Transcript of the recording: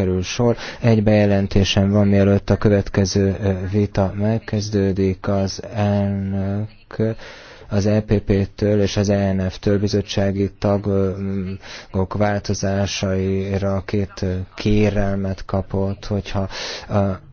kerül sor. Egy bejelentésem van, mielőtt a következő vita megkezdődik. Az elnök az EPP-től és az ENF-től bizottsági tagok változásaira két kérelmet kapott, hogyha